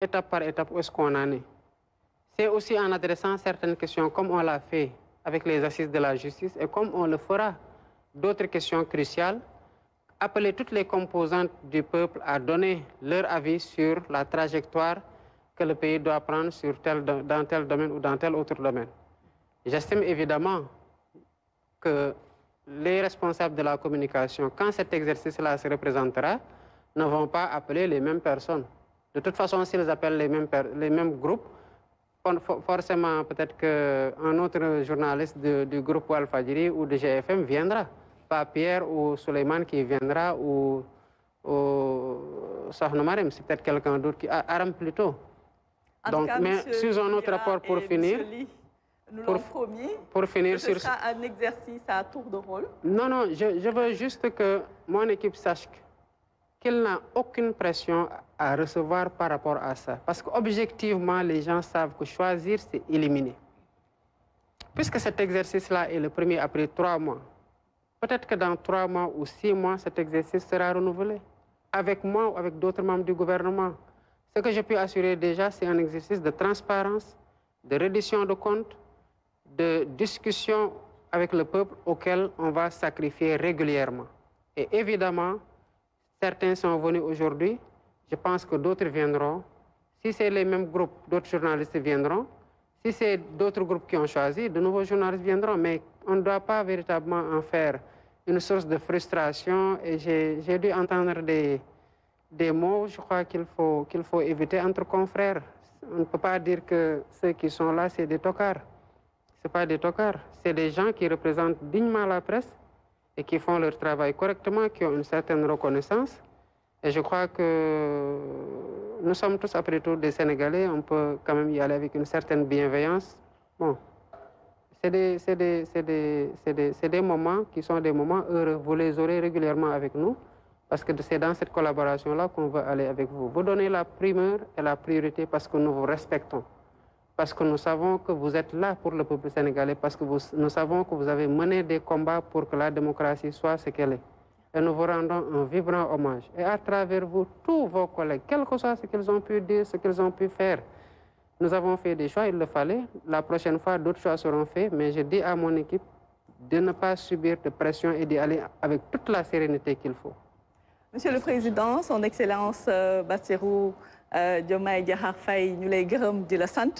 étape par étape où est-ce qu'on en est. C'est aussi en adressant certaines questions, comme on l'a fait avec les assises de la justice et comme on le fera, d'autres questions cruciales, appeler toutes les composantes du peuple à donner leur avis sur la trajectoire que le pays doit prendre sur tel, dans tel domaine ou dans tel autre domaine. J'estime évidemment que les responsables de la communication, quand cet exercice-là se représentera, ne vont pas appeler les mêmes personnes. De toute façon, s'ils appellent les mêmes, les mêmes groupes, forcément, peut-être qu'un autre journaliste du groupe Al-Fajiri ou de GFM viendra. Pas Pierre ou Suleiman qui viendra ou, Sahnoumarim, c'est peut-être quelqu'un d'autre qui. Ah, Aram plutôt. Donc, mais sur un autre rapport pour finir. pour, promis pour finir que ce sur... sera un exercice à tour de rôle. Non, non, je, je veux juste que mon équipe sache que qu'il n'a aucune pression à recevoir par rapport à ça. Parce qu'objectivement, les gens savent que choisir, c'est éliminer. Puisque cet exercice-là est le premier après trois mois, peut-être que dans trois mois ou six mois, cet exercice sera renouvelé. Avec moi ou avec d'autres membres du gouvernement. Ce que je peux assurer déjà, c'est un exercice de transparence, de reddition de comptes, de discussion avec le peuple auquel on va sacrifier régulièrement. Et évidemment, Certains sont venus aujourd'hui. Je pense que d'autres viendront. Si c'est les mêmes groupes, d'autres journalistes viendront. Si c'est d'autres groupes qui ont choisi, de nouveaux journalistes viendront. Mais on ne doit pas véritablement en faire une source de frustration. Et j'ai dû entendre des, des mots, je crois, qu'il faut, qu'il faut éviter entre confrères. On ne peut pas dire que ceux qui sont là, c'est des tocards. Ce pas des tocards. C'est des gens qui représentent dignement la presse et qui font leur travail correctement, qui ont une certaine reconnaissance. Et je crois que nous sommes tous, après tout, des Sénégalais. On peut quand même y aller avec une certaine bienveillance. Bon, c'est des, des, des, des, moments qui sont des moments heureux. Vous les aurez régulièrement avec nous parce que c'est dans cette collaboration-là qu'on veut aller avec vous. Vous donnez la primeur et la priorité parce que nous vous respectons parce que nous savons que vous êtes là pour le peuple sénégalais, parce que nous savons que vous avez mené des combats pour que la démocratie soit ce qu'elle est. Et nous vous rendons un vibrant hommage. Et à travers vous, tous vos collègues, quel que soit ce qu'ils ont pu dire, ce qu'ils ont pu faire, nous avons fait des choix, il le fallait. La prochaine fois, d'autres choix seront faits, mais je dis à mon équipe de ne pas subir de pression et d'y aller avec toute la sérénité qu'il faut. Monsieur le Président, Son Excellence euh, Bassirou Euh, Diomaye Diakhar Faye ñu lay gërëm di la sant